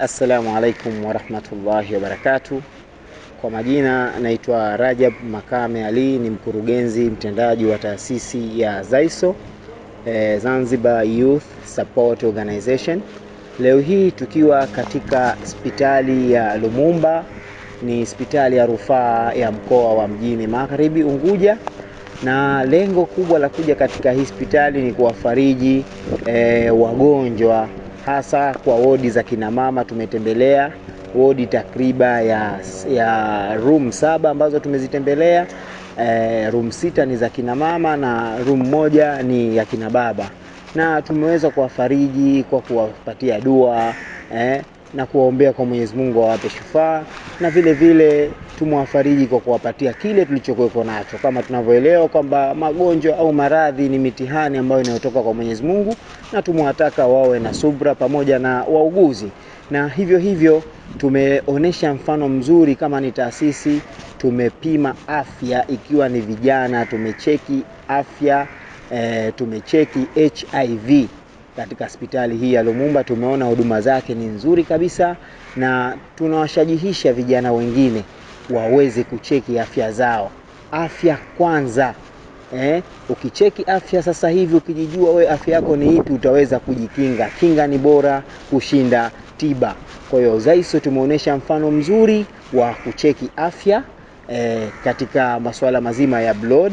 Assalamu alaikum warahmatullahi wabarakatu. Kwa majina naitwa Rajab Makame Ali, ni mkurugenzi mtendaji wa taasisi ya ZAISO eh, Zanzibar Youth Support Organization. Leo hii tukiwa katika hospitali ya Lumumba, ni hospitali ya rufaa ya mkoa wa Mjini Magharibi Unguja, na lengo kubwa la kuja katika hii hospitali ni kuwafariji eh, wagonjwa hasa kwa wodi za kina mama Tumetembelea wodi takriba ya, ya room saba ambazo tumezitembelea. E, room sita ni za kina mama na room moja ni ya kinababa, na tumeweza kuwafariji kwa kuwapatia dua eh, na kuwaombea kwa Mwenyezi Mungu awape shufaa na vile vile tumwafariji kwa kuwapatia kile tulichokuwepo nacho, kama tunavyoelewa kwamba magonjwa au maradhi ni mitihani ambayo inayotoka kwa Mwenyezi Mungu, na tumewataka wawe na subra pamoja na wauguzi. Na hivyo hivyo tumeonyesha mfano mzuri, kama ni taasisi tumepima afya ikiwa ni vijana, tumecheki afya e, tumecheki HIV katika hospitali hii ya Lumumba tumeona huduma zake ni nzuri kabisa, na tunawashajihisha vijana wengine waweze kucheki afya zao. Afya kwanza eh. Ukicheki afya sasa hivi, ukijijua we afya yako ni ipi, utaweza kujikinga. Kinga ni bora kushinda tiba. Kwa hiyo Zaiso tumeonyesha mfano mzuri wa kucheki afya eh, katika masuala mazima ya blood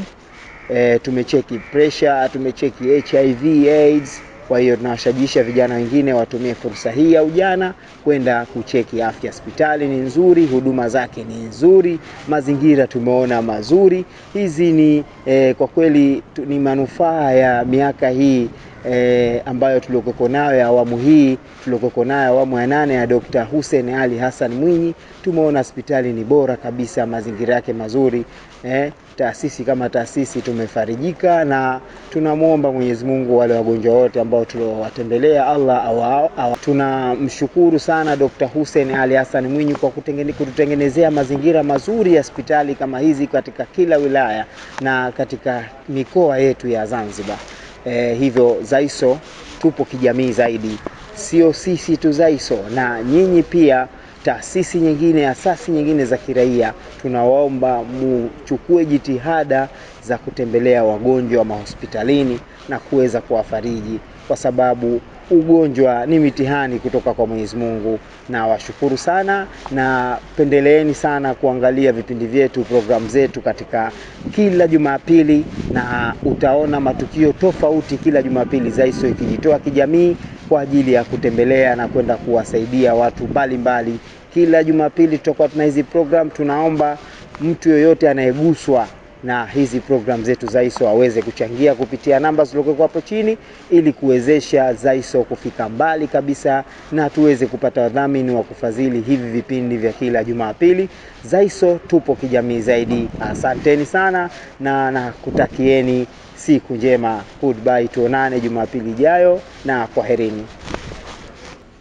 eh, tumecheki pressure, tumecheki HIV AIDS kwa hiyo tunawashajiisha vijana wengine watumie fursa hii ya ujana kwenda kucheki afya. Hospitali ni nzuri, huduma zake ni nzuri, mazingira tumeona mazuri. Hizi ni eh, kwa kweli ni manufaa ya miaka hii eh, ambayo tuliokuwa nayo ya awamu hii tuliokuwa nayo awamu ya nane ya Dr. Hussein Ali Hassan Mwinyi. Tumeona hospitali ni bora kabisa, mazingira yake mazuri eh taasisi kama taasisi tumefarijika, na tunamwomba Mwenyezi Mungu wale wagonjwa wote ambao tuliowatembelea, Allah awa, awa. Tunamshukuru sana Dr. Hussein Ali Hassan Mwinyi kwa kututengenezea mazingira mazuri ya hospitali kama hizi katika kila wilaya na katika mikoa yetu ya Zanzibar. E, hivyo Zaiso tupo kijamii zaidi, sio sisi tu Zaiso na nyinyi pia taasisi nyingine, asasi nyingine za kiraia, tunawaomba muchukue jitihada za kutembelea wagonjwa mahospitalini na kuweza kuwafariji, kwa sababu ugonjwa ni mitihani kutoka kwa Mwenyezi Mungu. Na washukuru sana na pendeleeni sana kuangalia vipindi vyetu, programu zetu katika kila Jumapili, na utaona matukio tofauti kila Jumapili, ZAYSO ikijitoa kijamii kwa ajili ya kutembelea na kwenda kuwasaidia watu mbalimbali. Kila Jumapili tutakuwa tuna hizi program. Tunaomba mtu yoyote anayeguswa na hizi program zetu ZAISO aweze kuchangia kupitia namba zilizokuwa hapo chini, ili kuwezesha ZAISO kufika mbali kabisa na tuweze kupata wadhamini wa kufadhili hivi vipindi vya kila Jumapili. ZAISO tupo kijamii zaidi. Asanteni sana na nakutakieni siku njema. Goodbye, tuonane Jumapili ijayo na kwaherini.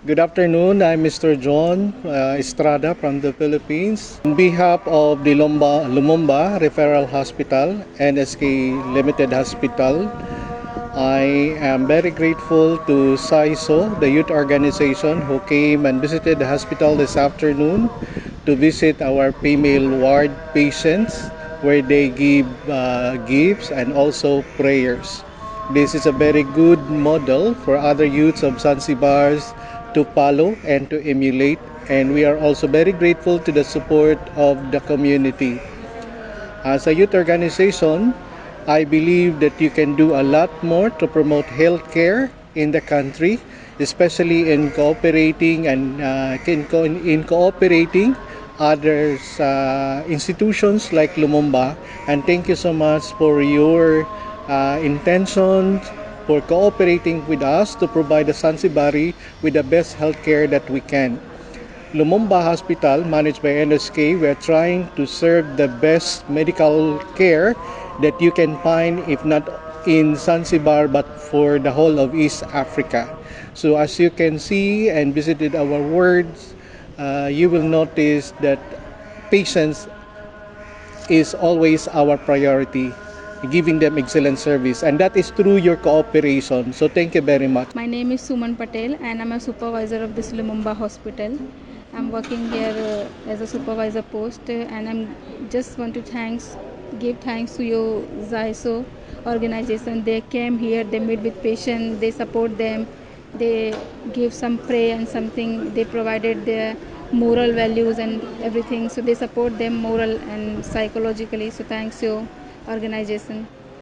Good afternoon. I'm Mr. John uh, Estrada from the Philippines. On behalf of the Lumba, Lumumba Referral Hospital, NSK Limited Hospital, I am very grateful to SAISO, the youth organization, who came and visited the hospital this afternoon to visit our female ward patients. where they give uh, gifts and also prayers. This is a very good model for other youths of Sansibar's to follow and to emulate. And we are also very grateful to the support of the community. As a youth organization, I believe that you can do a lot more to promote healthcare in the country, especially in cooperating and uh, in, co- in cooperating other uh, institutions like Lumumba and thank you so much for your uh, intention for cooperating with us to provide the Sansibari with the best healthcare that we can. Lumumba Hospital, managed by NSK, we are trying to serve the best medical care that you can find, if not in Zanzibar, but for the whole of East Africa. So as you can see and visited our words, Uh, you will notice that patience is always our priority giving them excellent service and that is through your cooperation so thank you very much my name is suman patel and i'm a supervisor of this lumumba hospital i'm working here uh, as a supervisor post uh, and i'm just want to thanks give thanks to your zaiso organization they came here they meet with patients they support them they gave some prey and something they provided their moral values and everything so they support them moral and psychologically so thanks your organization